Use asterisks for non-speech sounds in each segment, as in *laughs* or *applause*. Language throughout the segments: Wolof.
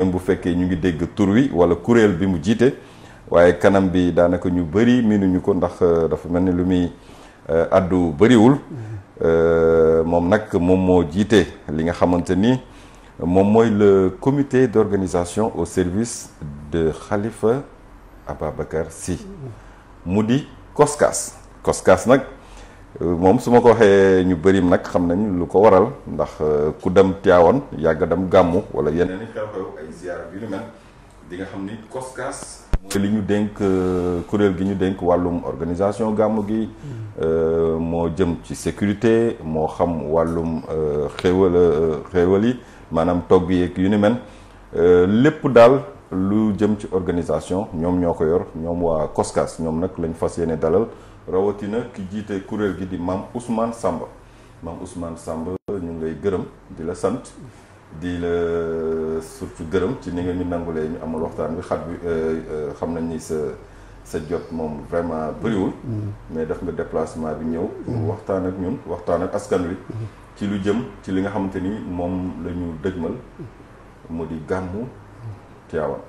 même bu fekkee ñu ngi dégg tur wala kuréel bi mu jiite waaye kanam bi daanaka ñu bëri miinuñu ko ndax euh, dafa mel ni lu muy euh, addu bëriwul euh, moom nag moom moo jiite li nga xamante ni moom mooy le comité d'organisation au service de Khalifa Ababacar Sy mu di COSCAS COSCAS nag moom su ma ko waxee ñu bëri nag xam nañ lu ko waral ndax euh, ku dem Tiwaawan yàgg dem gàmmu wala yeneen i xew-xew ay ziyaara yu ni mel di nga xam ni COSCAS li ñu dénk euh, kuréel gi ñu dénk wàllum organisation gàmmu gi mm. euh, moo jëm ci sécurité moo xam wàllum xéewal xéewal yi maanaam togg yeeg yu ni mel lépp daal lu jëm ci organisation ñoom ñoo ko yor ñoom waa COSCAS ñoom nag lañ fas yéene dalal rawatina ki jiite kuréel gi di maam Ousmane Samba maam Ousmane Samba ñu ngi lay gërëm di la sant di la surtout gërëm ci ni nga ñu nangulee ñu amal waxtaan bi xat bi euh, euh, xam nañ ni sa sa jot moom vraiment bëriwul. Mm-hmm. mais daf nga déplacement bi ñëw. Mm-hmm. waxtaan ak ñun waxtaan ak askan wi. Mm-hmm. ci lu jëm ci li nga xamante ni moom la ñu dëgmal mu di gàmmu Tiwaawan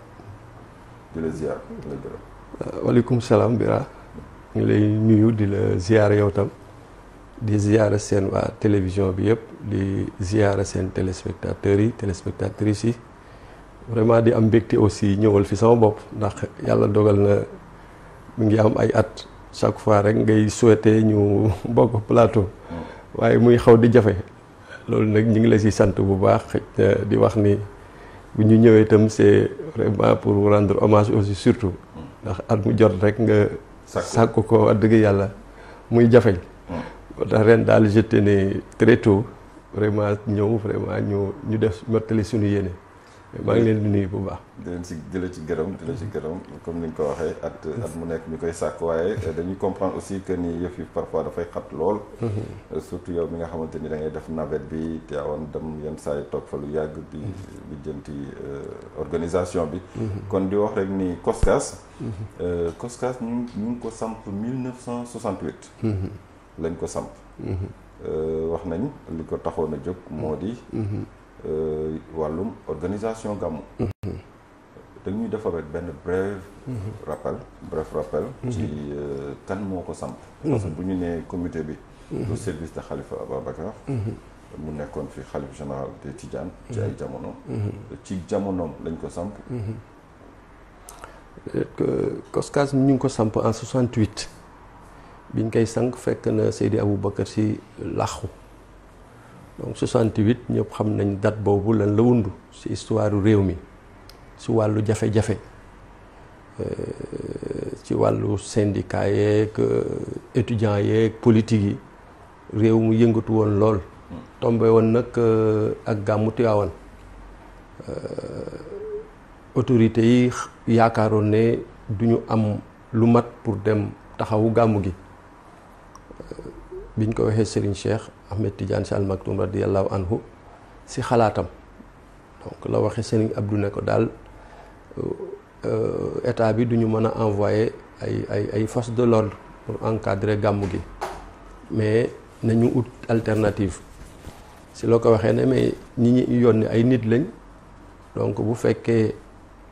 di la ziar di la gërëm. Euh, waaleykum salaam Bira. ñu lay nuyu di la ziyaara yow tam di ziyaara seen waa télévision bi yëpp di ziyaara seen téléspectateurs yi téléspectatrices yi vraiment di am mbégte aussi ñëwal fi sama bopp ndax yàlla dogal na mu ngi am ay at chaque fois rek ngay souhaiter ñu *laughs* bokk plateau waaye muy xaw di jafe loolu nag ñu ngi la si sant bu baax di wax ni bu ñu ñëwee itam c'est vraiment pour rendre hommage aussi surtout ndax at mu jot rek nga sàkku ko wax dëgg yàlla muy jafeñ hmm. moo tax ren daal je tenais très tôt vraiment ñëw vraiment ñu ñu def mottali suñu yéene maa ngi leen di bu baax. di leen si di la ci gërëm di la ci gërëm comme ni ñu ko waxee at mm-hmm. at mu nekk ñu koy sàkk waaye eh, dañuy comprendre aussi que ni yëf yi parfois dafay xat lool. Mm-hmm. surtout yow mi nga xamante ni dangay def navette bi te awoon dem yenn saa yi toog fa lu yàgg di di mm-hmm. jënti eh, organisation bi. kon di wax rek ni COSCAS. COSCAS eh, ñu ñu ngi ko samp 1968. lañ ko samp. wax nañ li ko taxoon a jóg moo di. Euh, wàllum organisation gàmmu dañuy defar rek benn bref rappel bref rappel ci euh, kan moo ko samp parce que bu ñu nee comité bi au service de Khalifa Ababacar mu nekkoon fi xalif général de Tidiane ci ay jamonoom ci jamonoom lañ ko samp COSCAS euh, ñu ko samp en 68 biñ koy sank fekk na Seydi Aboubacar ci làqu donc 68 ñëpp xam nañ date boobu lan la wundu ci histoire réew mi ci wàllu jafe-jafe euh, ci wàllu syndicat yeeg euh, étudiants yeek politique yi réew mu yëngatu woon lool. tombe woon nag euh, ak gàmmu Tiwaawan autorité yi yaakaaroon ne du ñu am lu mat pour dem taxawu gàmmu gi biñ ko waxee Serigne Cheikh Ahmed Tidiane Sy Al Maktoum radiyallahu anhu si xalaatam donc la waxe Serigne Abdou ne ko daal euh, état bi duñu mën a envoyé ay ay ay force de l'ordre pour encadrer gàmmu gi mais nañu ut alternative si loo ko waxee ne mais ñi ñu yónni ay nit lañ donc bu fekkee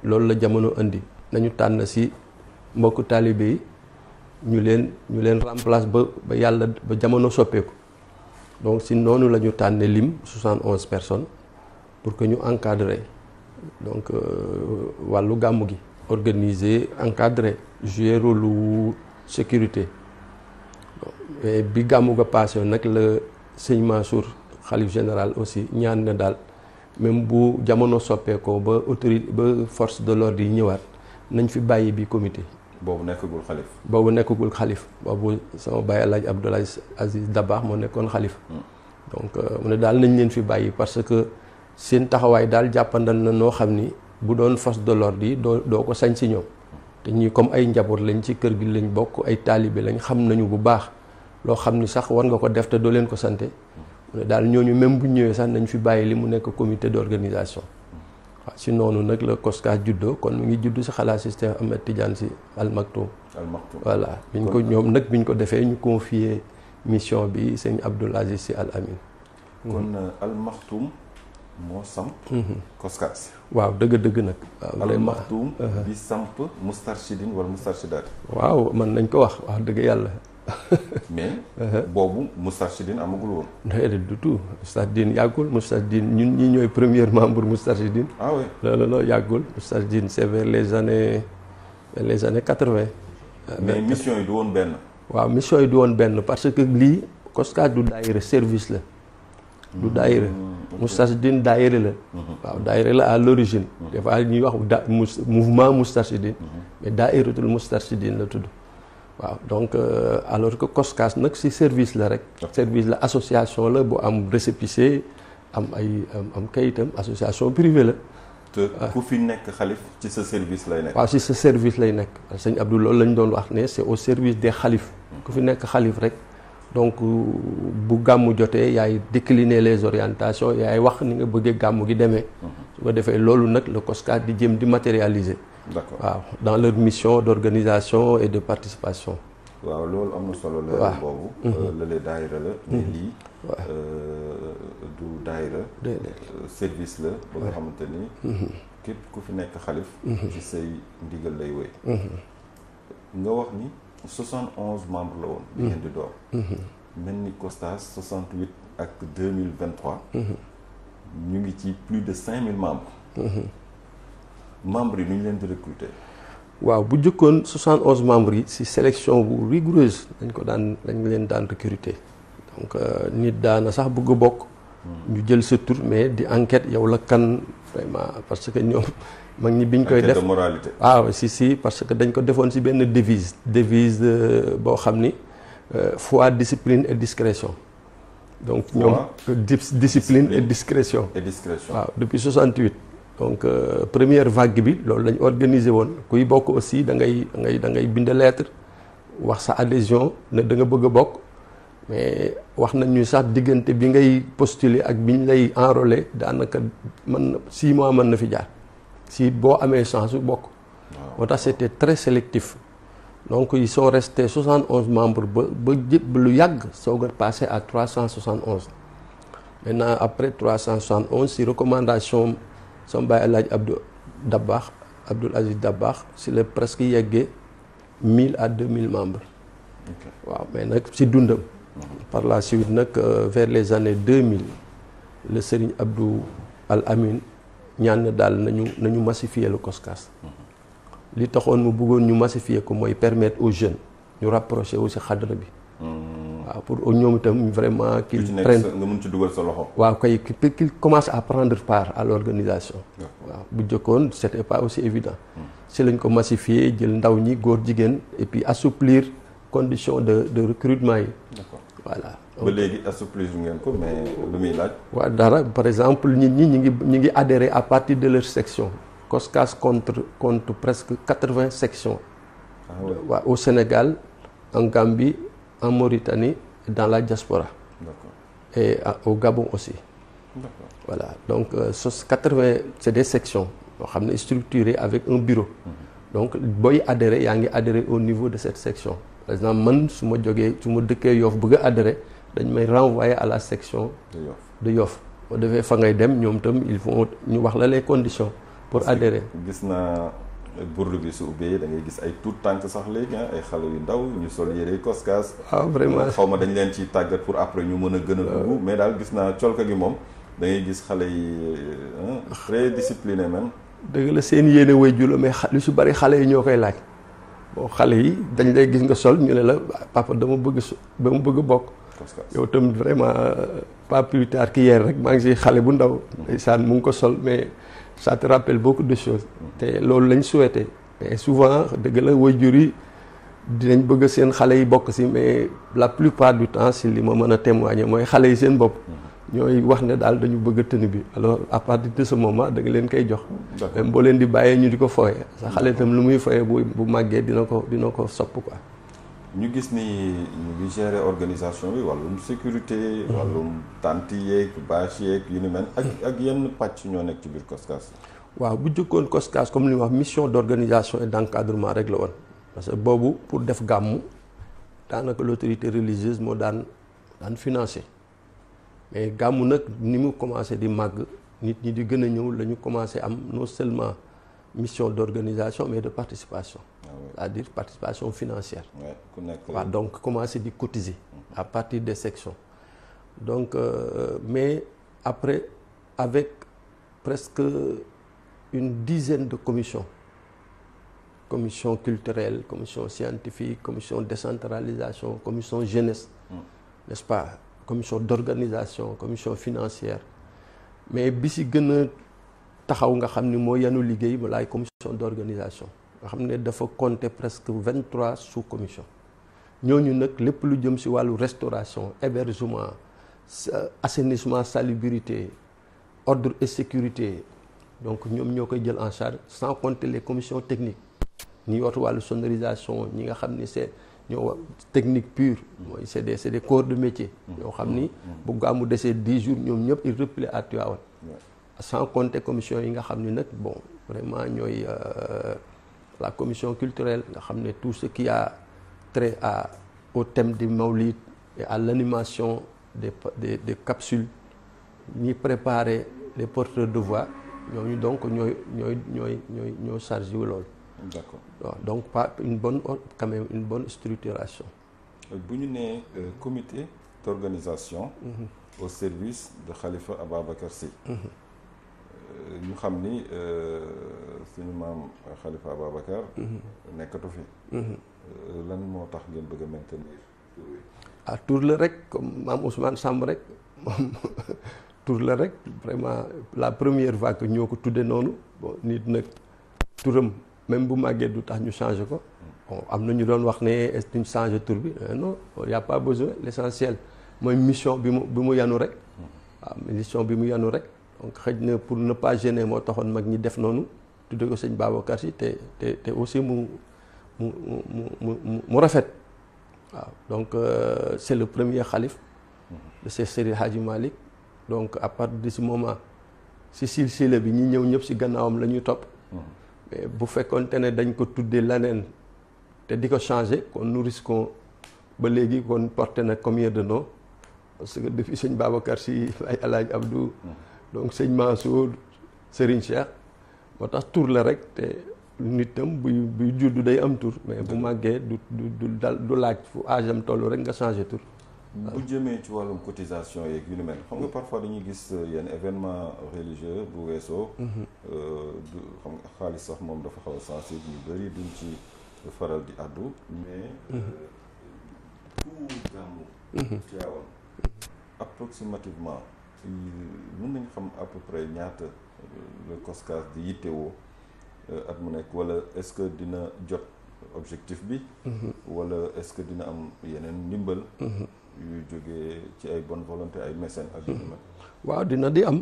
loolu la jamono indi nañu tànn si mbokku taalibe yi ñu ñu leen remplace ba ba yàlla ba jamono soppeeku donc si noonu la ñu tànne lim 71 personnes pour que ñu encadrer donc euh, wàllu gàmmu gi organiser encadrer jouer wu sécurité bi gàmmu ga passé nag la sëñ Mansour xalif général aussi ñaan na daal même bu jamono soppeekoo ba autorité ba force de l'ordre yi ñëwaat nañ fi bàyyi bi comité boobu nekkagul xalif. boobu nekkagul xalif boobu sama bàyyi El Hadj Abdoulaye Aziz Dabakh moo nekkoon xalifa hmm. donc euh, mu ne daal nañ leen fi bàyyi parce que seen taxawaay daal jàppandal na noo xam ni bu doon fas de l'ordre yi doo doo ko sañ si ñoom. te ñii comme ay njaboot lañ ci kër gi lañ bokk ay taalibe lañ xam nañu bu baax loo xam ni sax war nga ko def te doo leen ko sante hmm. mu ne daal ñooñu même bu ñëwee sax nañ fi bàyyi li mu nekk comité organisation waaw si noonu nag la COSCA juddoo kon mu ngi juddu si xalaat système Ahmed Tidiane si Al Maktoum. Al Maktoum biñ ko ñoom nag ñu ko defee ñu confier mission bi seen Abdoul Aziz si Al Amin. kon euh, Al Maktoum moo samp. COSCA mhm. waaw dëgg-dëgg nag. waaw Al Maktoum uh-huh. di samp Moustarchidine wala Moustarchidaat. waaw man nañ ko wax wax dëgg yàlla. *laughs* mais. boobu Moustarchidine amagul woon. déedéet du tout Moustarchidine yàggul Moustarchidine ñun ñi ñooy premier membre Moustarchidine. ah oui loolu loolu yàggul Moustarchidine c'est vers les années les années quatre-vingt. mais mission yi du woon benn. waaw mission yi du woon benn parce que lii COSCAS du daayira service la. du daayira. Hmm, Moustarchidine daayira la. Mhm. waaw daayira la à l'origine. Mhm. des fois ñuy wax da mouvement Moustarchidine. Mhm. mais daayiratul Moustarchidine la tudd. waaw donc euh, alors que COSCAS nag si service la rek. service la association la bu am récépissé am ay am kayitam association privée la. te ah. ku fi nekk xalif ci sa service lay nekk. waaw ci sa service lay nekk sëñ Abdou loolu la ñu doon wax ne c'est au service des xalif. ku fi nekk xalif rek. donc bu gàmmu jotee yaay décliner les orientations yaay wax ni nga bëggee gàmmu gi demee. Mhm. su ko defee loolu nag la COSCAS di jëm di matérialiser. d'accord waaw dans leur mission d'organisation et de participation. waaw loolu am na solo. la waaw lële boobu. Mhm. Euh, lële daayira la. mais mhm. lii. Euh, du daayira. Euh, service la ba nga xamante ni. Mhm. képp ku fi nekk xalif. ci say ndigal lay wéy. nga wax ni soixante onze membres la woon. bi ngeen di door. mel ni Costas soixante huit ak deux mille vingt ñu ngi ci plus de cinq mille membre membres yi nu leen di waaw bu njëkkoon 71 membres yi si sélection bu rigoureuse dañ ko daan dañ leen daan recruter donc euh, nit daana sax bëgg bokk. Hmm. ñu jël sa tur mais di enquête yow la kan vraiment parce que ñoom. *laughs* mag ñi biñ koy def moralité. waaw ah, si si parce que dañ ko defoon si benn devise devise euh, boo xam ni euh, foi discipline et discrétion. donc ñoom discipline et discrétion. et discrétion waaw depuis 68. donc euh, première vague bi loolu lañ organiser woon kuy bokk aussi da ngay ngay da ngay bind lettre wax sa adhésion ne da nga bëgg a bokk mais wax nañ ñu sax diggante bi ngay postuler ak bi ñu lay enrôler daanaka mën na six mois mën na fi jaar si boo amee chance bokk. moo tax c'était très sélectif. donc ils sont restés 71 membres ba ba jëpp lu yàgg soog a passé à 371 maintenant après 371 si recommandation. sama baay El Hadj Abdou Dabakh Abdoul Aziz Dabakh si la presque yeggee mille à deux mille membres. waaw mais nag si dundam. Mhm. par la suite nag euh, vers les années deux mille le Serigne Abdou Al Amin ñaan na daal nañu nañu massifier le COSCAS. Mhm. li taxoon mu bëggoon ñu massifier ko mooy permettre aux jeunes ñu rapprocher wu si xadra bi. Mhm. pour ñoom itam vraiment. qu'ils prennent nga mën ci dugal sa loxo. waaw kay qu'il commence à prendre part à l'organisation. waaw bu jëkkoon c'était pas aussi évident. Hmm. si lañ ko massifier jël ndaw ñi góor jigéen et puis assouplir condition de de recrutement yi. d'accord voilà. ba léegi assouplir ngeen ko mais waaw dara par exemple nit ñi ñu ngi ñu ngi adhérer à partir de leur section. COSCAS contre compte presque quatre-vingts sections. waaw ah ouais. au Sénégal en Gambie en Mauritanie dans la diaspora. et à, au Gabon aussi. voilà donc euh, so quatre-vingt c'est des sections yoo xam ne structurées avec un bureau. Mhm. donc booy adhéré yaa ngi adhéré au niveau de cette section par exemple man su ma jogee su ma dëkkee Yoff bëgg a adhéré dañ may renvoyer à la section. de Yoff de defee fa ngay dem ñoom itam il faut ñu wax la les conditions. pour adhérer gis naa burdu bi su ubbee da ngay gis ay tuut tànk sax léegi ah, ay xale yu ndaw ñu sol yére koskaas waaw ah, vraiment euh, xaw ma dañ leen ci tàggat pour après ñu mën a gën a dugg mais daal gis naa colka gi moom da gis xale yi euh, très discipliné même dëgg la seen yéene way jula mais lu si bari xale yi ñoo koy laaj boo xale yi dañ lay gis nga sol ñu ne la papa dama bëgg ba mu bëgg bokk yow tam vraiment euh, pas plus tard qu'hier rek maa ngi si xale bu ndaw mm-hmm. ndeysaan mu ngi ko sol mais ça te rappelle beaucoup de choses te loolu lañ souhaité mais souvent dëgg la waajur yi dinañ bëgg seen xale yi bokk si mais la plupart du temps si li ma mën a témoigner mooy xale yi seen bopp ñooy wax ne daal dañu bëgg tenue bi alors à partir de ce moment da leen koy jox même boo leen di bàyyee ñu di ko fooye sa xale tam lu muy fooye bu bu màggee dina ko dina ko sopp ko ñu gis ni ñu ngi gérer organisation bi wàllum sécurité. Mm-hmm. wàllum tànt yeeg bâche yeeg yu ni mel. ak mm-hmm. ak yenn pàcc ñoo nekk ci biir COSCAS. waaw bu jëkkoon COSCAS comme li ma wax mission d' organisation et d' encadrement rek la woon parce que boobu pour def gàmmu daanaka l' autorité religieuse moo daan daan financé mais gàmmu nag ni mu commencé di màgg nit ñi di gën a ñëw la ñu commencé am non seulement mission d' organisation mais de participation. c'est-à-dire participation financière. waaw donc commencé di cotiser. à partir des sections. donc euh, mais après avec presque une dizaine de commissions commission culturelle commission scientifique commission décentralisation commission jeunesse mm. n'est-ce pas commission d'organisation commission financière mais bi si gën a taxaw nga xam ni moo yanu liggéey ma laay commission d'organisation nga xam ne dafa compter presque vingt trois sous commission ñooñu nag lépp lu jëm si wàllu restauration hébergement assainissement salubrité ordre et sécurité donc ñoom ñoo koy jël en charge sans compter les commissions techniques ñu yootu wàllu sonorisation ñi nga xam ni c'est ñoo technique pure mooy c'est des c'est des corps de métier yoo xam ni bu gàmmu desee dix jours ñoom ñëpp ils replient à Tivaouane sans compter commission yi nga xam ni nag bon vraiment ñooy euh, la commission culturelle nga xam ne tout ce qui a trait à au thème du Maulid et à l'animation des des des capsules ñi préparer les porteurs de ñoo ñooñu donc ñooy ñooy ñooy ñooy ñoo chargé wu loolu. d'accord donc pas une bonne quand même une bonne structuration. bu ñu nee euh, comité d'organisation. Mm au service de Khalifa Ababacar Sy. Mm-hmm. ñu xam ni euh, suñu maam Khalifa Ababacar. Mhm. nekkatu fi. Mhm. Euh, lan moo tax ngeen bëgg a maintenir tur bi. Ah, la rek comme maam Ousmane Samb rek moom *laughs* tur la rek vraiment la première fois que ñoo ko tuddee noonu bon nit nag turam même bu màggee du tax ñu changé ko. bon am na ñu doon wax ne est-ce tur bi euh, non y a besoin l'essentiel mooy mission bi mu bi mu yanu rek. waaw mhm. ah, mission bi mu yanu rek. donc xëj na pour ne pas gêner moo taxoon mag ñi def noonu tudde ko sëñ Babacar Si te te te aussi mu mu mu mu mu rafet waaw donc euh, c' le premier xalif de Cheikh Seydi Hadji Malick donc à partir de ce moment si silsila bi ñi ñëw ñëpp si gannaawam la ñuy topp bu fekkoonte ne dañ ko tuddee laneen te di ko changé kon nous risquons ba léegi kon porté na combien de noms parce que depuis sëñ Babacar Si ay *laughs* Alaaji Abdou donc sëñ Mansour Serigne Cheikh moo tax tur la rek te nit tam buy buy juddu day am tur mais bu màggee du du du dal du laaj fu âge am toll rek nga changé tur. bu jëmee ci wàllum cotisation yeeg yu mel xam nga parfois dañuy gis euh, yenn événement religieux bu weesoo. Mhm. Euh, xam nga xaalis sax moom dafa xaw a sensible ñu bëri duñ ci faral di addu mais mhm. euh, tout gàmmu. teewoon mhm. approximativement. ci euh, mën nañ xam à peu près ñaata euh, le COSCAS di yittewoo euh, at mu nekk wala est-ce que dina jot objectif bi mm-hmm. wala est-ce que dina am yeneen ndimbal mm-hmm. yu jógee ci ay bonne volonté ay mécènes ak yu mm-hmm. waaw dina di am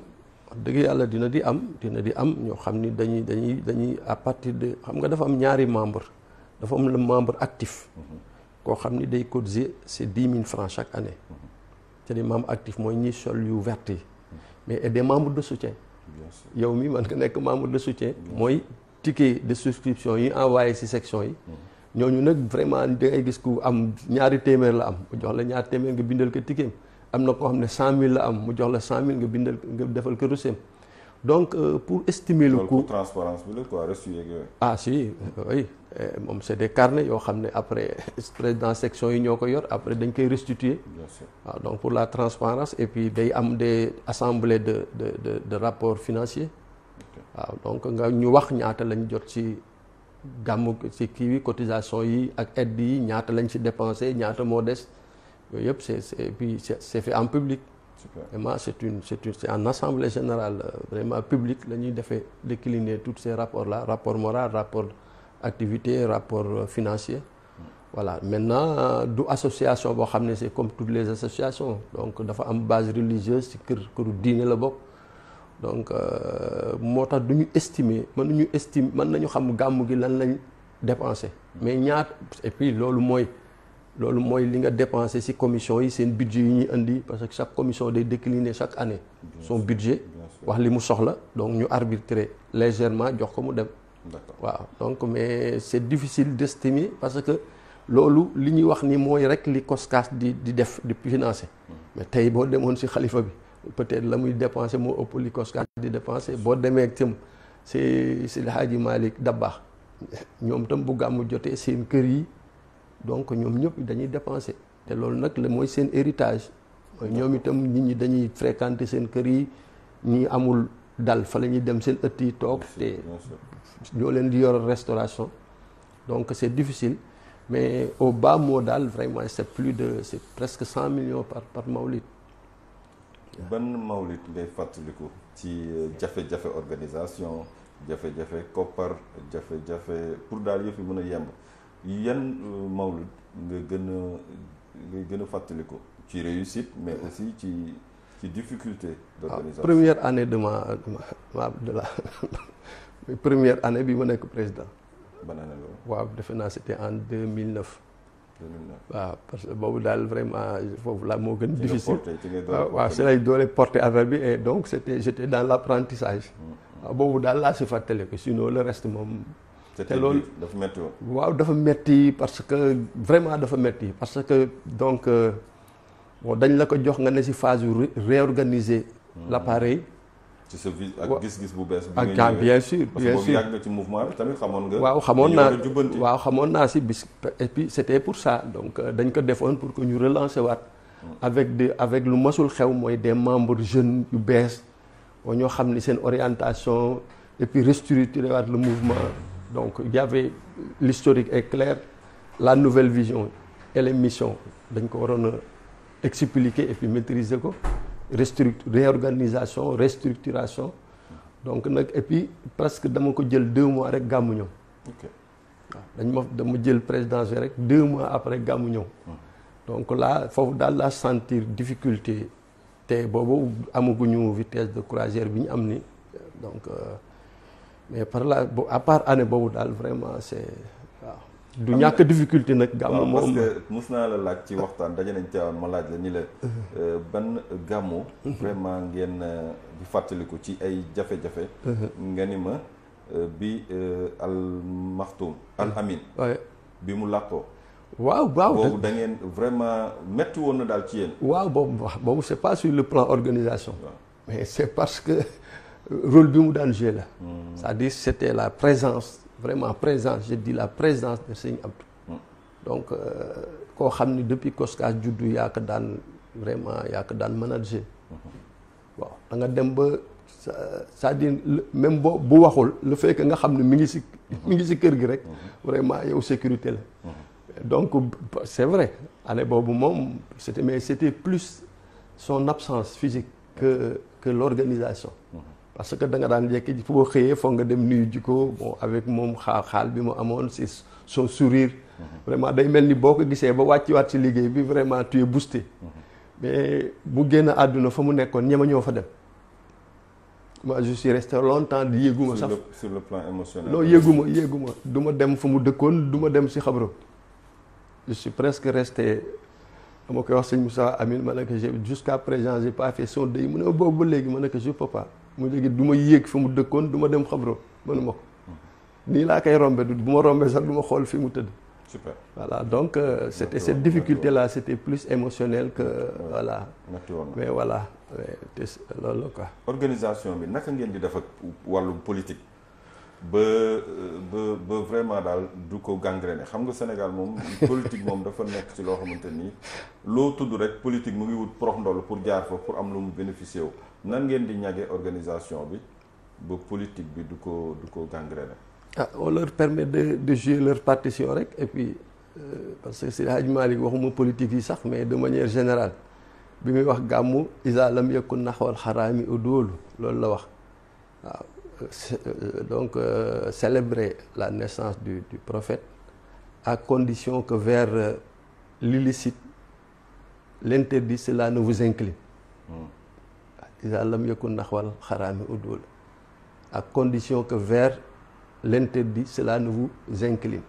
wax dëgg dina di am dina di am ñoo xam ni dañuy dañuy dañuy à partir de xam nga dafa am ñaari membre dafa am le membre actif koo xam ni day cotiser c'est dix mille francs chaque année c'est-à-dire membre actif mooy ñiy sol yu vert yi mais et des membres de soutien yow mii man nga nekk membre de soutien mooy ticket de souscription yi envoyé ci section yi mm. ñooñu nag vraiment da ngay gis ku am ñaari téeméer la am mu jox la ñaari téeméer nga bindal ko ticket am na koo xam ne cent mille la am mu jox la cent mille nga bindal nga defal ko reçu donc euh, pour estimer le coût bi la ko reçu yeeg ah si euh, oui euh, moom c'est des carnets yoo xam ne après *laughs* président section yi ñoo ko yor après dañ koy restituer waaw ah, donc pour la transparence et puis day am de assemblées de de de rapport rapports financiers waaw ah, donc nga ñu wax ñaata lañ jot ci gàmmu ci kii bi cotisation yi ak aide yi ñaata lañ ci dépensé ñaata moo des yooyu yëpp c'est c'est fi puis en public Super. Vraiment, c'est une, c'est une, c'est en assemblée générale euh, vraiment publique la ñuy defee décliner tous ces rapports-là, rapport moral, rapport activité, rapport euh, financier. Mm. voilà maintenant euh, du association boo xam ne c'est comme toutes les associations donc dafa am base religieuse ci kër këru diine la bokk donc moo tax du ñu estimer mën nañu estime mën nañu xam gàmm gi lan lañ dépensé mm. mais ñaata et puis loolu mooy loolu mooy li nga dépensé ci commission yi seen budget yi ñuy indi parce que chaque commission day décliner chaque année son budget wax li mu soxla donc ñu arbitrer légèrement jox ko mu dem waaw donc mais c'est difficile d'estimer parce que loolu li ñuy wax ni mooy rek li COSCAS di di def di financer hmm. mais tey boo demoon ci xalifa bi peut-être la muy dépenser moo ëpp li COSCAS di dépenser boo demee tam ci ci El Hadji Malick Dabakh ñoom tam bu gàmmu jotee seen kër yi donc ñoom ñëpp dañuy dépensé te loolu nag la mooy seen héritage ñoom itam nit ñi dañuy fréquenter seen kër yi ñi amul dal fa la ñuy dem seen ëtt yi toog te ñoo leen di yor restauration donc c'est difficile mais au bas mot daal vraiment c'est plus de c'est presque cent millions par par mawlid ban mawlid ngay fàttaliku ci jafe-jafe organisation jafe-jafe koppar jafe-jafe pour daal yëf fi mën a yemb yan euh, mawlud nga gën a nga gën a fàttaliku ci réussite mais aussi ci ci difficulté d'organisation ah, première année de ma ma de la *laughs* première année bi ma nekk président ban année la waaw defe naa c'était en 2009 waaw parce que boobu daal vraiment foofu la moo gën difficile ah, waaw si lay doole porter affaire bi et donc c'était j'étais dans l'apprentissage mm, mm. Ah, boobu daal laa si fàttaliku sinon le reste moom te loolu dafa metti woon waaw dafa metti parce que vraiment dafa metti parce que donc euh, bon dañ la ko jox nga ne si phase yu réorganiser hmm. l' appareil. ci sa vis ak gis-gis bu bees. ak ah bien sûr bien sûr parce que yàgg nga ci mouvement bi tamit xamoon nga. waaw xamoon naa waaw xamoon naa si bis et puis c' était pour ça donc euh, dañ ko defoon pour que ñu relancer waat. Hmm. avec de avec lu masul xew mooy des membres jeunes yu bees ñoo xam ni seen orientation et puis restructurer waat le mouvement. Donc il y avait l'historique est clair la nouvelle vision et les dañ ko waroon expliquer et puis maîtriser ko restruct réorganisation restructuration donc nag et puis presque dama ko jël deux mois rek gàmmu ñëw. ok waaw dañ ma dama jël présidence rek deux mois après gàmmu ñëw. Mm. donc là foofu daal laa sentir difficulté te boobu amaguñu vitesse de croisière bi ñu am ni donc. Euh, mais par là à part année boobu daal vraiment c' est waaw. du ñàkk difficulté nag. gàmmu moom mos naa la laaj ci waxtaan daje nañ ca ma laaj la ni la. Mhm. Euh, ban gàmmu. Mhm. vraiment ngeen euh, di fàttaliku ci ay jafe-jafe. Mhm. nga ni ma euh, bi al maxtuum al bi mu làqoo. waaw waaw boobu da ngeen vraiment métti woon na daal ci yéen. waaw boobu wax boobu c' pas sur le plan organisation. mais c' parce que. *laughs* rôle bi mu daan joué la. Hmm. c'est-à-dire c' était la présence vraiment présence je di la présence de Sëñ Abdou. Hmm. donc euh, koo xam ni depuis Koskas juddu yaa ko daan vraiment yaa ko daan manager. Hmm. waaw da nga dem ba c'est-à-dire même boo bu waxul lu fekk nga xam ni mi ngi si mu ngi si kër gi rek. vraiment yow sécurité la. donc c' est vrai année boobu moom c' était mais c' était plus son absence physique que que l'organisation. parce que da nga daan jekki ji foo xëyee foo nga dem nuyu ji ko bon avec moom xaal xaal bi mu amoon si soo sourire. Mm-hmm. vraiment day mel ni boo ko gisee ba wàcciwaat ci liggéey bi vraiment tu es boosté. Mm-hmm. mais bu génn àdduna fa mu nekkoon ñema ñoo fa dem. moi je suis resté longtemps di yéeguma sax sur le plan émotionnel. non yéeguma yéeguma du ma dem fa mu dëkkoon du ma dem si xabro je suis presque resté dama koy wax sëñ Moussa Amine ma ne que j' jusqu' à présent j' ai boobu léegi ma ne que je mu léegi du ma yéeg fi mu dëkkoon du ma dem xabro mënuma ko nii laa koy rombe du bu ma rombee sax du ma xool fi mu tëdd super voilà donc euh, c'était cette difficulté là c'était plus émotionnel que euh, ouais. voilà mais voilà te loolu quoi organisation bi naka ngeen di def ak wàllu politique ba euh, ba ba vraiment daal du ko gangréné xam nga Sénégal moom politique moom dafa nekk ci loo xamante nii loo tudd rek politique mu ngi wut prox ndoll pour jaar fa pour am lu mu bénéficier wu nan ngeen di ñage organisation bi ba politique bi du ko du ko gangréné ah on leur permet de de jouer leur partition rek et puis euh, parce que si Hadj Malick waxuma politique yi sax mais de manière générale bi muy wax gàmmu isa lam yakun naxwal xaraami udóolu loolu la wax waaw euh, donc euh, célébrer la naissance du du ak condition que vers euh, l'illicite l'interdit cela ne vous incline hmm. iza lam yakun naxwal mi udul à condition que vers l'interdit cela ne vous incline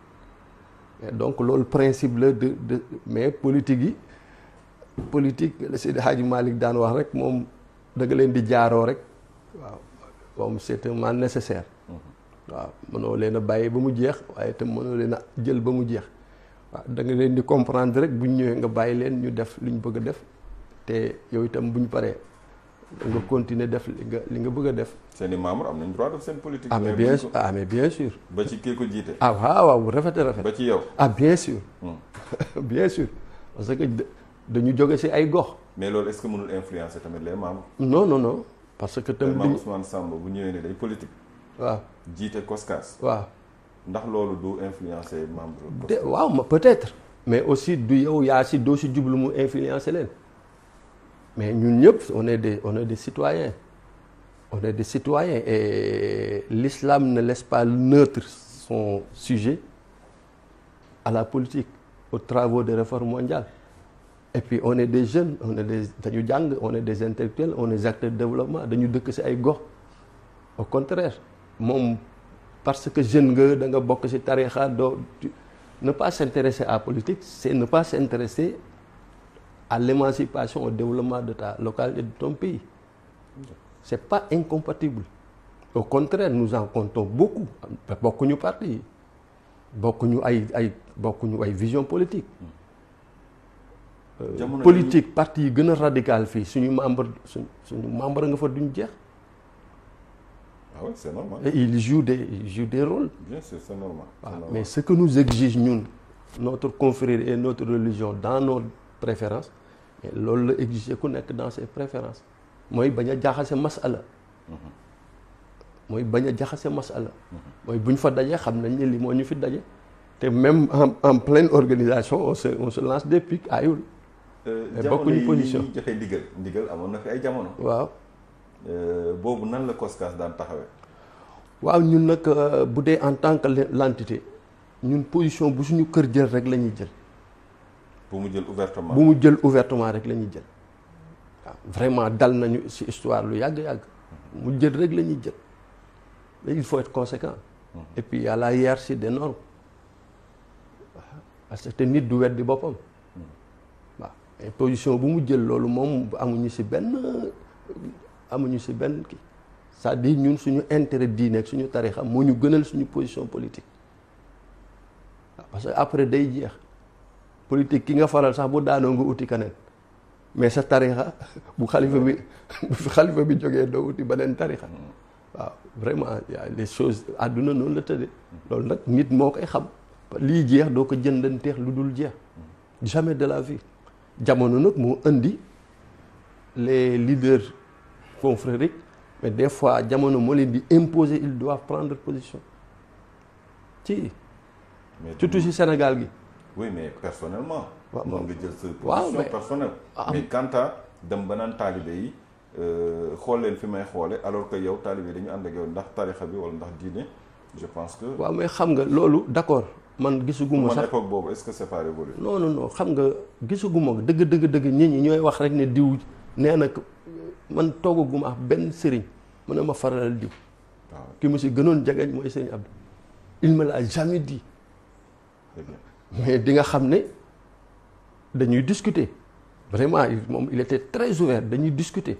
et donc loolu principe la de de mais politique yi politique Seydi Hadji Malick daan wax rek moom da leen di jaaroo rek waaw moom c'est un mal nécessaire mhm. waaw mënoo leen a bàyyi ba mu jeex waaye tam mënoo leen jël ba mu jeex waaw da leen di comprendre rek bu ñu ñëwee nga bàyyi leen ñu def lu ñu bëgg a def te yow itam bu ñu paree nga continuer def li nga li nga bëgg def. seen i am nañ droit def seen politique. ah mais bien su amee ah, mais bien sûr. ba ci kii ko jiite. ah waaw waaw bu rafetee rafet. ba ci yow ah bien sûr. Hmm. *laughs* bien sûr parce que dañu jóge si ay gox. mais loolu est-ce que mënul influencer tamit les membres. non non parce que tamit. dañu bu ñëwee ne day politique. waaw jiite COSCAS. waaw ndax loolu du influencer membre. de waaw peut-être. mais aussi du yow yaa si doo si jublu mu influencer leen. mais ñun ñëpp on est des on est des citoyens on est des l'islam ne laisse pas neutre son sujet à la politique aux travaux de réforme mondiale et puis on est des jeunes on est des dañu jàng on est des intellectuels on est des acteurs de développement dañu dëkk si ay gox au contraire moom parce que jeune nga da nga bokk si tarixa doo ne pas s'intéresser à la politique c'est ne pas s'intéresser à l'émancipation, au développement de ta localité, de ton pays. Ce pas incompatible. Au contraire, nous en comptons beaucoup. Beaucoup ay partis, beaucoup ay vision politique. Euh, politique parti yi gën a radical fii suñu membre suñu suñu membre nga fa duñ jeex. Ah et il joue des il joue des rôles. bien sûr mais ce que nous exige ñun notre confrérie et notre religion dans nos préférences. loolu la exiger ku nekk dans ses préférence mooy bañ a jaxase masala mooy bañ a jaxase masala mooy bu ñu fa dajee xam nañ ne li moo ñu fi daje te même en en pleine organisation on se on se lance des pics ayul. Euh, mais bokkuñu position jamono yi joxe ndigal amoon na fi ay jamono. waaw. Euh, boobu nan la COSCAS daan taxawee. waaw ñun nag euh, bu dee en tant que l'entité ñun position bu suñu kër jël rek la ñuy jël. bu mu jël ouvertement bu mu jël ouvertement rek la ñuy jël waaw vraiment dal nañu si histoire lu yàgg-yàgg mu jël rek la ñuy jël il faut être conséquent mmh. et puis y a la hiérarchie des normes parce que te nit du di boppam mmh. waaw position bu mu jël loolu moom amuñu si benn amuñu si benn kii c'est-à-dire ñun suñu intérêt diine ak suñu tarixam moo ñu gënal suñu position politique parce que après day jeex politique ki nga faral sax bu daanoo nga uti kaneen mais sa tarixa bu xalifa bi bu xalifa bi jógee doo uti beneen tarixa waaw vraiment les chose àdduna noonu la tëddee loolu nag nit moo koy xam lii jeex doo ko jëndanteex lu dul jeex jamais de la vie jamono nag moo indi les leaders confrériques mais des fois jamono moo leen di imposer ils doivent prendre position ci surtout si Sénégal gi oui mais personnellement. waaw moom nga jël sa position personnelle. Ah, mais quant ah. à dem ba naan taalibe yi euh, xool leen fi may xoole alors que yow taalibe yi dañu ànd ak yow ndax tarixa bi wala ndax diine je pense que. waaw mais xam nga loolu d' accord man gisuguma sax époque boobu est ce que c' est pas révolu xam nga gisuguma dëgg dëgg dëgg nit ñi ñooy wax rek ne diw nee na man toogaguma ak benn sëriñ mu ne ma faralal diw. waaw ah. ki mu si gënoon jegeñ mooy sëriñ Abdou. il me l'a jamais mais di nga xam ne dañuy discuter vraiment moom il était très ouvert dañuy discuter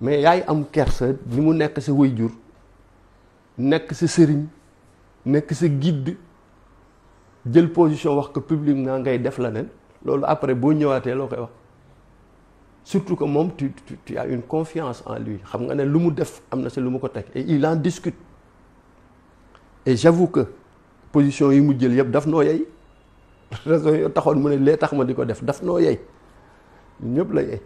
mais yaay am kersa ni mu nekk sa jur nekk si sëriñ nekk sa guide jël position wax ko public naa ngay def la nen loolu après boo ñëwaatee loo koy wax surtout que moom tu tu tu as une confiance en lui xam nga ne lu mu def am na se lu mu ko teg et il en discute et j'avoue que. position yi mu jël yëpp daf noo yey raison yoo taxoon mu ne lee tax ma di ko def daf noo yey ñun ñëpp la yey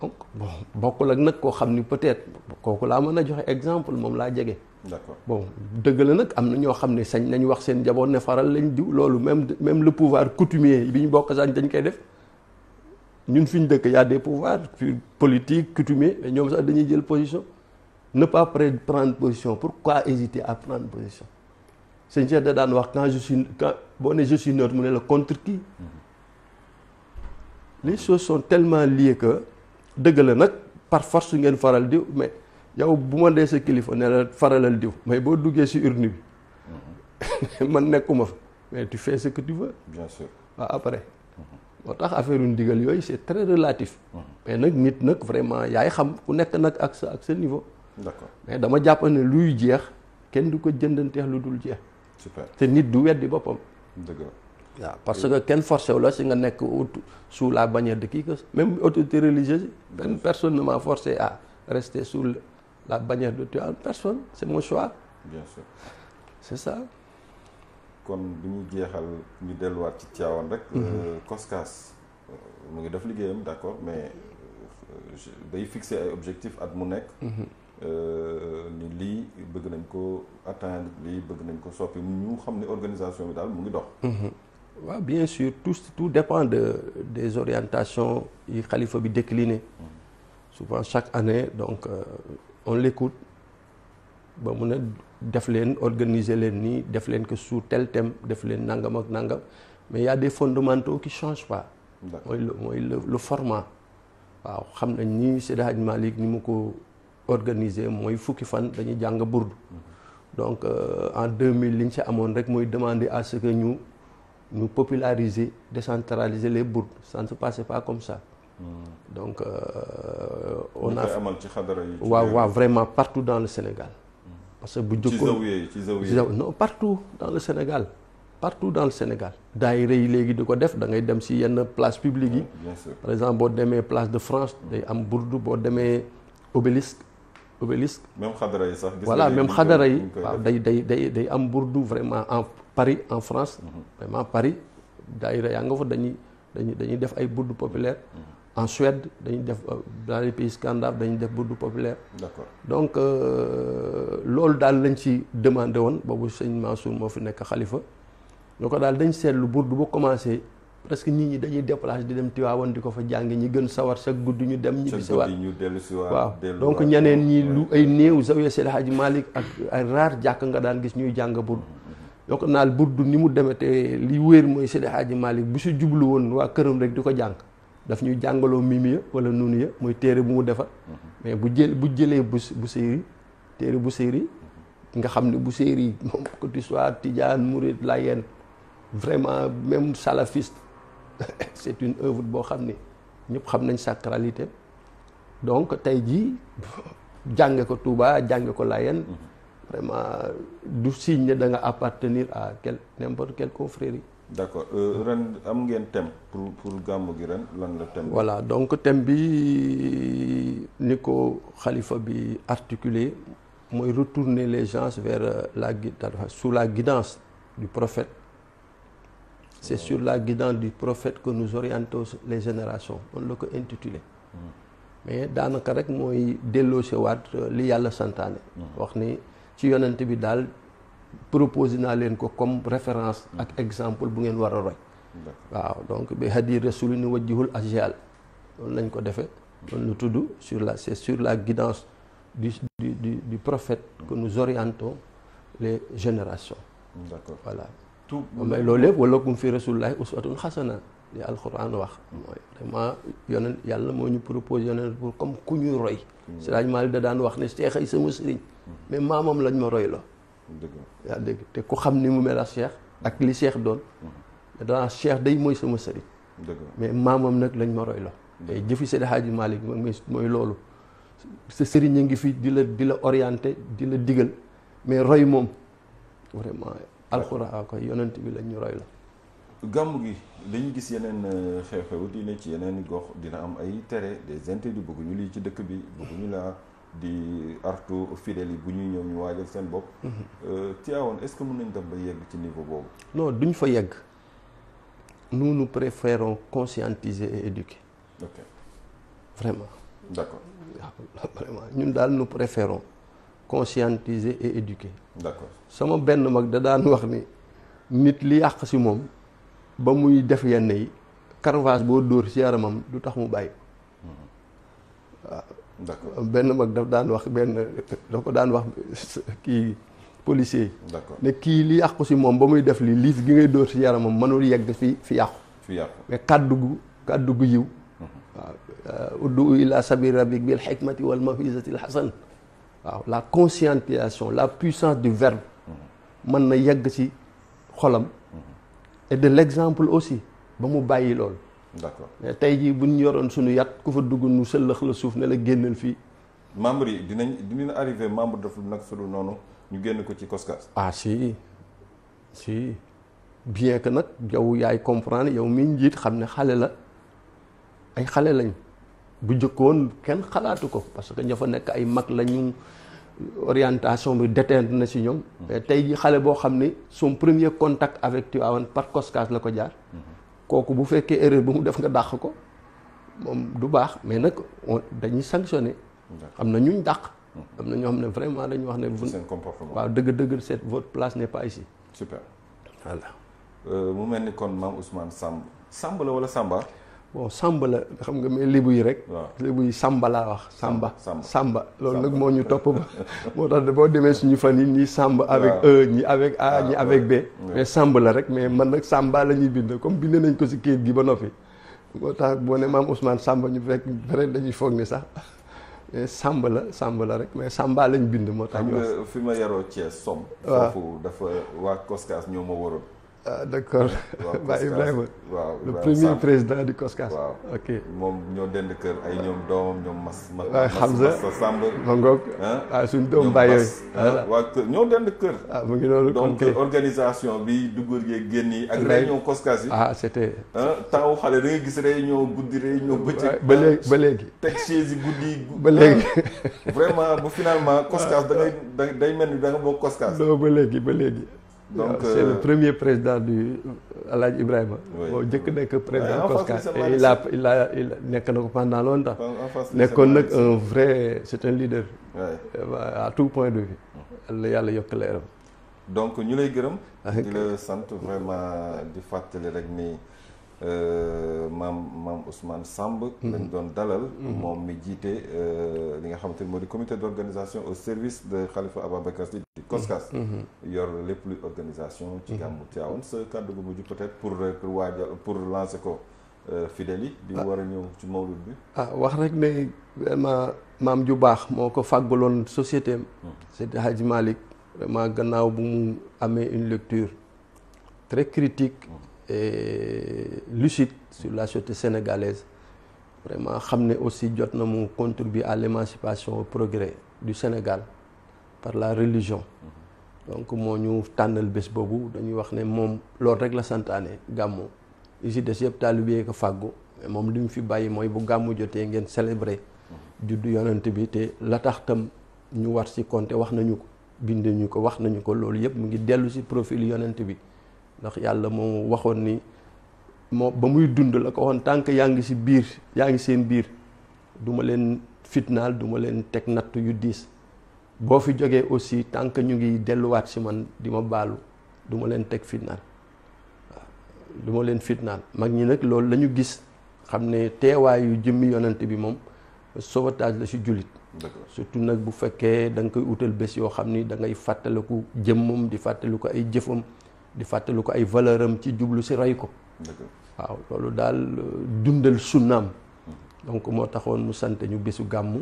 donc bon bokkul nag koo xam ni peut-être kooku laa mën a joxe exemple moom laa jege. d'accord bon dëgg la nag am na ñoo xam ne sañ nañ wax seen jaboon ne faral lañ diw loolu même même le pouvoir coutumier bi ñu bokk sañ dañ koy def ñun fi ñu dëkk y a des pouvoirs politique coutumier ñoom sax dañuy jël position ne pas prendre position pourquoi hésiter à prendre position. sëñ Cheikh da daan wax quand je suis quand boo ne je suis mu ne la contre qui mm-hmm. les choses sont tellement liées que nag par su ngeen faral diw mais yow bu ma dee sa kilifa ne la faralal diw mais boo duggee si urne bi mm-hmm. *laughs* man nekkuma fa mais tu fais ce que tu veux. bien sûr waaw après. Mm-hmm. moo tax affaire yu ndigal yooyu c'est très relatif. mais nag nit nag vraiment yaay xam ku nekk nag ak sa ak sa niveau. mais dama jàpp ne luy jeex kenn du ko jëndanteex lu dul jeex. super te nit du weddi boppam. dëgg la waaw parce que kenn forcé wu si nga nekk sous la bannière de kii que même autorité religieuse benn personne ne m'a forcé à rester sous la bannière de Tivaouane personne c'est mon choix. bien c'est ça. kon bu ñu jeexal ñu delluwaat ci Tivaouane rek. Coscas mhm. euh, euh, mu ngi def liggéeyam d'accord mais bay euh, fixer ay objectif at mu nekk. Mhm. ni euh, lii bëgg nañ ko atteindre lii bëgg nañ ko soppi ñu xam ne organisation bi daal mu ngi dox. Mhm. waaw bien sûr tout tout dépend de des orientations yi xalifa bi décliné mhm. souvent chaque année donc euh, on l'écoute ba mun a def leen organiser leen nii def leen que sous tel thème def leen nangam ak nangam mais il y a des fondamentaux qui changent pas. mooy le mooy le format. waaw xam nañ ni Seydi Hadji Malick ni mu ko. organisé mooy fukki fan dañuy jàng burdu donc euh, en 2000 li ñu ci amoon rek mooy demander à ce que ñu ñu populariser décentraliser les bourdes ça ne se passait pas comme ça hmm. donc euh, on a ci xadara waaw waaw vraiment partout dans le Sénégal hmm. parce que bu jëkkoon ci zawiya yi partout dans le Sénégal partout dans le Sénégal daayira yi léegi di ko def da ngay dem si yenn place publique yi par exemple boo demee place de France day am burdu boo demee obélisque obélisque. même xadara yi sax. voilà même xadara yi waaw day day day day am burdu vraiment en Paris en France. Mhm. vraiment Paris daayira yaa nga fa dañuy dañuy def ay burdu populaire. Mhm. en Suède dañuy def euh, dans les pays scandinaves dañuy def burdu populaire. d'accord donc euh, loolu daal lañ si demandé woon boobu sëñ Mansour moo fi nekk xalifa ñu ko daal dañ seetlu burdu ba commencé. parce que nit ñi dañuy déplacé di dem Tiwaawan di ko fa jàng ñi gën sawar sa gudd ñu dem ñibbi si waat waaw donc ñeneen ñi lu ay néew zawiya Seydi Hadji Malick ak ay raar jàkk nga daan gis ñuy jàng burdu yokk naal burdu ni mu demee te li wéer mooy Seydi Hadji Malick bu si jublu woon waa këram rek di ko jàng daf ñuy jàngaloo mimiya wala nunu ya mooy téere bu mu defar mhm. mais bu jël bu jëlee bu Buseyri téere Buseyri nga xam ne Buseyri moom que tu sois Tijaan Murid Layen vraiment même salafiste *laughs* c'est une œuvre boo xam ne ñëpp xam nañ sacralité donc tey jii jànge ko Touba jànge ko Layène mhm. vraiment du sign ne da nga appartenir à quel n'importe quelle confrérie d'accord euh, ren am ngeen thème pour pour gàmmu gi ren lan la thème voilà donc thème bi ni ko xalifa bi articuler mooy retourner les gens vers la guidance sous la guidance du prophète C'est sur la guidance du prophète que nous orientons les générations on la ko intitulé mais daanaka rek mooy waat euh, li yàlla santaane wax ni ci yonent bi daal proposé naa leen ko comme référence ak exemple bu ngeen war a waaw donc bi hadi rasuli ni wajjihul agial loolu lañ ko defee loolu la tudd sur la c'est sur la guidance du du du prophète que nous les générations d'accord tuub mais loolu yëpp wala kum fi rasulillahi uswatun xasana li alquran wax mooy vraiment yàlla moo ñu proposé yoneen comme ku ñuy roy laaj mm. Maalik da daan wax ne Cheikh ay sama sëriñ mm. mais maamam lañ ma roy loo te ku xam ni mu mel ak Cheikh ak li Cheikh doon mm. danaa day mooy sama sëriñ mais maamam nag lañ ma roy loo tey jëfi Seydi Hadji Malick mooy loolu sa sëriñ a ngi fi di la di la orienté di la digal mais roy moom alxuraan ko yonent bi lañ ñu roy la gàmmu gi dañu gis yeneen euh, xew-xew diine ci yeneen gox dina am ay tere des interdits bëgguñu lii ci dëkk bi bëgguñu laa di artu fidèles yi bu ñuy ñëw ñu waajal seen bopp mhm. euh, Tivaouane est-ce que mun nañ dem ba yegg ci niveau boobu non duñ fa yegg nous nous préférons conscientiser et éduquer ok vraiment d'accord vraiment ñun daal nous préférons conscientiser et éduquer. d'accord sama benn mag da daan wax ni nit li yàq si moom ba muy def yenn yi caravage boo dóor si yaramam lu tax mu bàyyi hmm. waaw. benn mag daf daan wax benn *laughs* daf ko daan wax kii policier yi. d'accord ne kii li yàqu si moom ba muy def li liis gi ngay dóor si yaramam mënul yegg fi fi yàqu. fi yàqu mais kàddu gu kàddu gu yiw. Hmm. waaw uddu ila sabi rabbik bil hikmati wal mawizati al hasan waaw la conscientisation la puissance du verbe mën na yegg ci xolam et de l'exemple aussi ba mu bàyyi lool d'accord mais tey jii bu ñu yoroon suñu yat ku fa dugg nu sëllëx la suuf ne la génnal fii membre yi dinañ dinañ arrivé membre daf nag sulu noonu ñu génn ko ci COSCAS ah si si bien que nag yow yaay comprendre yow mi njiit xam ne xale la ay xale lañ bu jëkkoon kenn xalaatu ko parce que ña fa nekk ay mag lañu orientation bi déteindre na si ñoom. Mm-hmm. Euh, tey ji xale boo xam ne son premier contact avec Tivaouane par Coscas la ko jaar. Mm-hmm. kooku bu fekkee erreur bu mu def nga dàq ko moom du baax mais nag dañuy sanctionné. am na ñuñ dàq. Mm-hmm. am na ñoo xam ne vraiment dañu wax ne. seen comportement waaw dëgg dëgg cette votre place n'est pas ici. super voilà. Euh, mu mel ni kon maam Ousmane Samb Samb la wala Samba. bon sàmba la xam nga mais libu yi rek. libu yi sàmba laa wax. sàmba sàmba loolu nag moo ñu topp ba *laughs* moo tax boo demee suñu fan yi ñii sàmba E ñi avec A ñi avec B. mais rek mais man nag sàmba la ñuy bind comme bind nañ ko si kayit gi ba noppi. moo boo ne maam Ousmane sàmba ñu fekk vrai dañuy foog ni sax mais sàmba rek mais sàmba lañ bind moo tax. fi ma yaroo Thiès Somme. waaw foofu dafa waa Koskas ñoo ma waroon. ah d' accord waaw *laughs* Ibrahima waaw le premier président di COSCAS. waaw ok moom ñoo dend kër ay ñoom doom ñoom mas. waaw ah, Hamza Samb ma ngoog ah suñ doom baay yooyu. Ah, waa kër ñoo dend kër. ah mu ngi loolu donc organisation bi dugub yeeg génn yi ak réunion COSCAS yi. ah c' était. taw xale da nga gis réunion guddi réunion bëccëg. ba léegi ba léegi. teg chaise yi guddi. ba léegi. vraiment bu finalement COSCAS ah, da ngay day mel ni da nga bokk COSCAS. ba léegi ba léegi. donc euh, c'est premier président du El euh, Ibrahima. boo njëkk nekk président COSCAS et il a il a nekk na ko pendant longtemps. nekkoon nag un vrai c'est un leader. à tout point de vue. la yàlla yokk leeram. donc ñu lay gërëm. di vraiment di fàttali rek ni. Euh, maam maam Ousmane Samb. lañ mhm. doon dalal. Mhm. moom mi jiite euh, li nga xamante ni moo di commité d' organisation au service de Khalifa Ababacar Sy di COSCAS. Mhm. yor lépp luy organisation. ci gàmmu Tiwaawan sa kàddu gu mujj peut pour euh, pour waajal pour lancer ko fidèles yi. di ah. war a ñëw ci mawlud bi. ah wax rek ne vraiment maam ju baax moo ko fàggaloon société am. Hmm. Seydi Hadji Malick vraiment gannaaw bu mu amee une lecture très critique. Hmm. et lucide sur la société sénégalaise vraiment xam ne aussi jot na mu contribuer à l'émancipation progrès du Sénégal par la religion donc moo ñu tànnal bés boobu dañuy wax ne moom loolu rek la santaane gàmmu isi des yëpp taalibe ko fàggu moom li mu fi bàyyi mooy bu gàmmu jotee ngeen célébrer juddu yonent bi te la tax tam ñu war si compter wax nañu ko bind ñu ko wax nañu ko loolu yëpp mu ngi dellu si profil yonant bi ndax yàlla moom waxoon ni moo ba muy dund la ko waxoon tànk yaa ngi si biir yaa ngi seen biir duma leen fitnaal duma leen teg nattu yu diis boo fi jógee aussi tànk ñu ngi delluwaat si man di ma baalu duma leen teg fitnaal waaw du ma leen fitnaal mag ñi nag loolu lañu gis xam ne teewaayu jëmmi yonante bi moom sauvetage la si jullit surtout nag bu fekkee da nga koy utal bés yoo xam ni da ngay fàttaliku jëmmam di fàttaliku ay jëfam di fàttali ko ay valeur am ci jublu si rey ko waaw loolu daal euh, dundal sunnaam donc moo taxoon mu sant ñu bisu gàmmu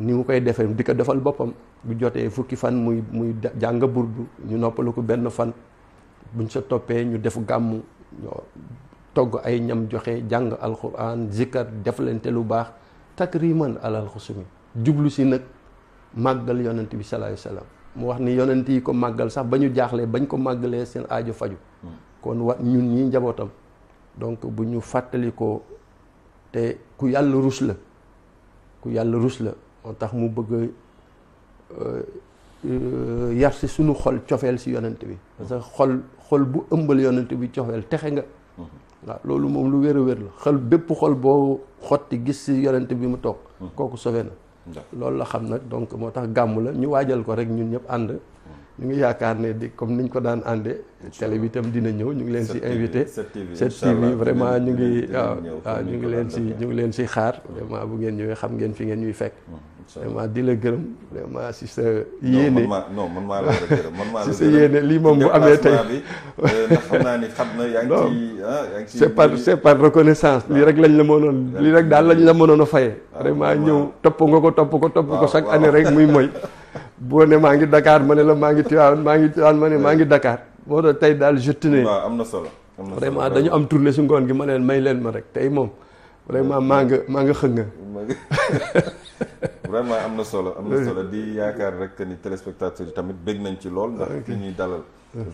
ni mu koy defee di ko defal boppam bu jotee fukki fan muy muy jàng burdu ñu noppalu ko benn fan buñ sa toppee ñu def gàmmu togg ay ñam joxe jàng alquran zikkar deflante lu baax takriman alal xusumi jublu si nag màggal yonent bi salaay salaam mu wax ni yonent yi ko màggal sax ba ñu jaaxlee bañ ko màggalee seen ajo faju kon wa ñun ñi njabootam donc bu ñu fàttali ko te ku yàlla rus la ku yàlla rus la moo tax mu bëgg euh, euh, yar si sunu xol cofeel si yonent bi parce que xol xol bu ëmbal yonent bi cofeel texe nga waaw loolu moom lu wér a wér la xel bépp xol boo xotti gis si yonent bi mu toog hmm. kooku sowe na loolu la xam nag donc moo tax gàmmu la ñu waajal ko rek ñun ñëpp ànd ñu ngi yaakaar ne di comme niñ ko daan àndee. télé bi itam dina ñëw ñu ngi leen si invité. 7TV 7 vraiment ñu ngi. waaw ah, ah, ñu ngi leen si ñu leen si xaar. vraiment bu ngeen ñëwee xam ngeen fi ngeen ñuy fekk. Mm, vraiment di la gërëm vraiment si sa. yéene non man maa la la gërëm si sa yéene lii moom bu amee tey. Euh, ndax naa ni xam na yaa ngi ci ah, yaa ngi ci. c'est par c'est par reconnaissance lii rek lañ la mënoon lii rek daal lañu la mënoon a fayee. vraiment ñëw topp nga ko topp ko topp ko chaque année rek muy moy *laughs* boo ne maa ngi dakaar ma ne la maa ngi Tivaouane maa ngi Tivaouane ma ne maa ngi dakaar moo tax tey daal jetine waaw am na solo vraiment dañu am tournée su ngoon gi ma leen may leen ma rek tey moom vraiment maa nga maa nga xënga *laughs* vraiment am na solo am na solo di yaakaar rek ni téléspectateurs yi tamit bég nañ ci lool ndax ki ñuy dalal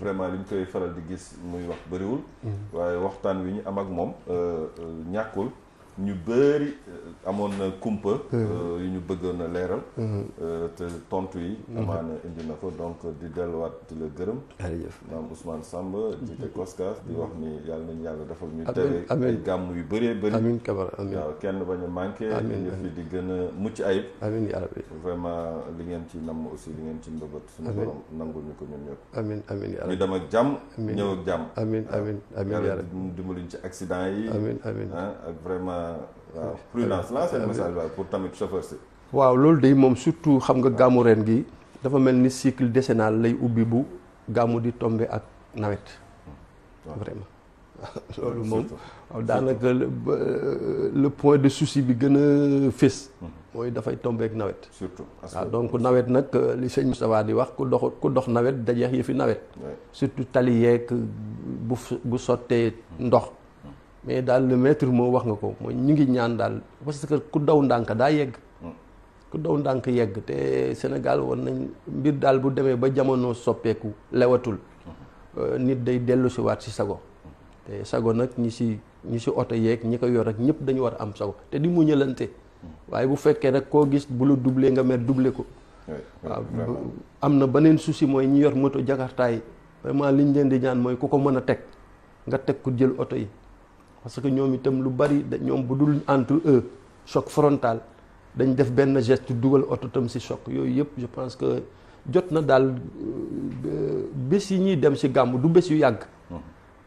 vraiment li ñu koy faral di gis muy wax bëriwul mm. waaye waxtaan wi ñu am ak moom euh, euh, ñàkkul ñu bëri euh, amoon na kumpa euh, yu ñu bëggoon a leeral euh, te tontu yi amaana indi na ko donc di delluwaat di la gërëm maam Ousmane Samba jiite Koskas di wax ni yàlla nañu yàlla defal ñu tewe ay gàmm yu bëree bëri amiin kabar amiin waaw kenn bañ a manqué yëf yi di gën a mucc ayib amiin yaa rabbi vraiment li ngeen ci namm aussi li ngeen ci mbëbët suñu borom nangul ñu ko ñun ñëpp amiin amiin yaa rabbi jàmm ñëw ak jàmm amiin amiin amiin yaa rabbi ci accident yi amiin amiin ah, ak vraiment naa waaw message waaw tamit chauffeur waaw loolu de moom surtout xam nga gàmmu reen gi dafa mel ni cycle décennal lay ubbi bu gàmmu di tombe ak nawet hmm, vraiment *laughs* loolu moom waaw daanaka euh, le point de souci bi gën a fés hmm. mooy dafay tombe ak nawet surtout waaw donc nawet nag euh, li sëñ Moustapha di wax ku dox ku dox nawet dajeex yi fi nawet surtout tali yeeg bu bu sottee ndox mais daal le moo wax nga ko mooy ñu ngi ñaan daal parce que ku daw ndànk daa yegg hmm. ku daw ndànk yegg te senegal war nañ mbir daal bu demee ba jamono soppeeku lewatul hmm. euh, nit day dellu si waat si sago hmm. te sago nag ñi si ñi si oto yeeg ñi ko yor ak ñëpp dañu war a am sago te di ñëlante waaye bu fekkee rek koo gis bu la doublé nga mer duble ko waaw ah, am na beneen souci mooy ñi yor moto jakartaay vraiment liñ leen di ñaan mooy ku ko mën a teg nga teg ku jël oto yi parce que ñoom itam lu bari da ñoom bu dul entre eux choc frontal dañ def benn geste dugal oto tam si choc yooyu yëpp je pense que jot na daal euh, bés yi ñuy dem si gàmm du bés yu yàgg.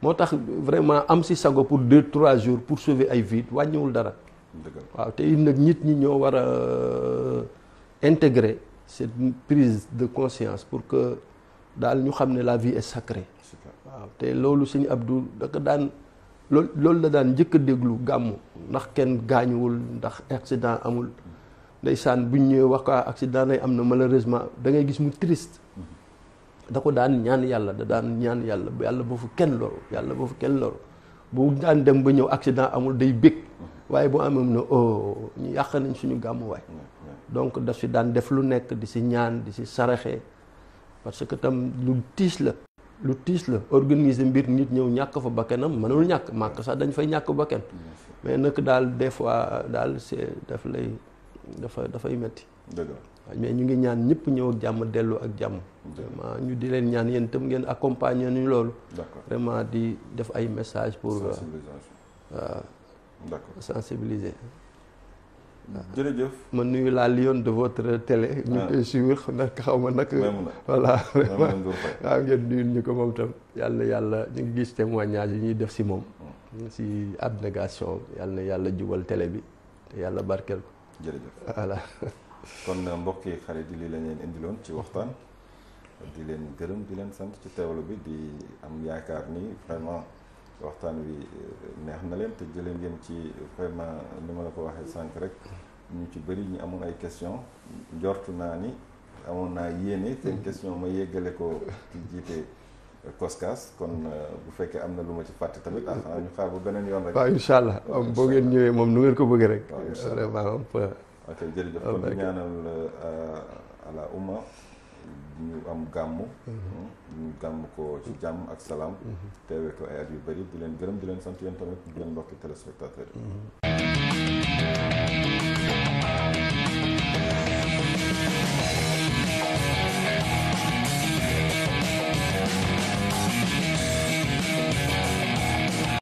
moo tax vraiment am si sago pour deux trois jours pour sauver ay vies wàññiwul dara. waaw te it nag nit ñi ñoo war a euh, intégrer cette prise de conscience pour que daal ñu xam ne la vie est sacrée. waaw te loolu sëñ Abdou da ko daan. loolu loolu la daan njëkk a déglu gàmmu ndax kenn gaañuwul ndax accident amul ndeysaan buñ ñëwee wax ko accident day am na malheureusement da ngay gis mu triste da ko daan ñaan yàlla da daan ñaan yàlla yàlla ba fu kenn loru yàlla ba fu kenn loru bu daan dem ba ñëw accident amul day bég waaye bu amee na oh ñu yàq nañ suñu gàmmuwaay donc daf si daan def lu nekk di si ñaan di si saraxee parce que tam lu tiis la lu tiis la organiser mbir nit ñëw ñàkk fa bakkanam mënul ñàkk màkk sax dañ fay ñàkk bakkan mais nag daal des fois daal c'est daf lay dafa dafay metti mais ñu ngi ñaan ñëpp ñëw ak jàmm delloo ak jàmm vraiment ñu di leen ñaan yéen itam ngeen accompagner ñu loolu vraiment di def ay message pour euh, sensibiliser jërëjëf ma nuyu la lionne de votre télé. Ah. ñu koy suivre nag xaw ma nag. voilà vraiment *laughs* waaw ngeen nuyu ñu ko moom tam yàlla yàlla ñu ngi gis ñaar yi ñuy def si moom. Hmm. si abnégation yàlla na yàlla jubal télé bi te yàlla barkel ko. jërëjëf voilà. *laughs* kon euh, mbokk yi xarit yi lii la leen indiloon ci waxtaan di leen gërëm di leen sant ci teewlu bi di am yaakaar ni vraiment. waxtaan wi eh, neex na leen te jëlee ngeen ci vraiment ni ma la ko waxee sànq rek ñu ci bëri ñu amoon ay question njortu naa ni amoon naa yéene seen mm-hmm. question ma yeggale ko ci jiite Koskas kon euh, bu fekkee am na lu ma ci fàtte tamit ah xanaa ñu xaar ba beneen yoon rek. waaw incha allah boo ngeen ñëwee moom nu ngeen ko bëggee rek. vraiment. ok jërëjëf kon ñaanal euh, à la ñu am gàmmu mhm. ñu gàmm ko ci jàmm ak salaam mhm. teewe ko ay at yu bëri di leen gërëm di leen sant yéen tamit di leen mbokki téléspectateurs yi mhm.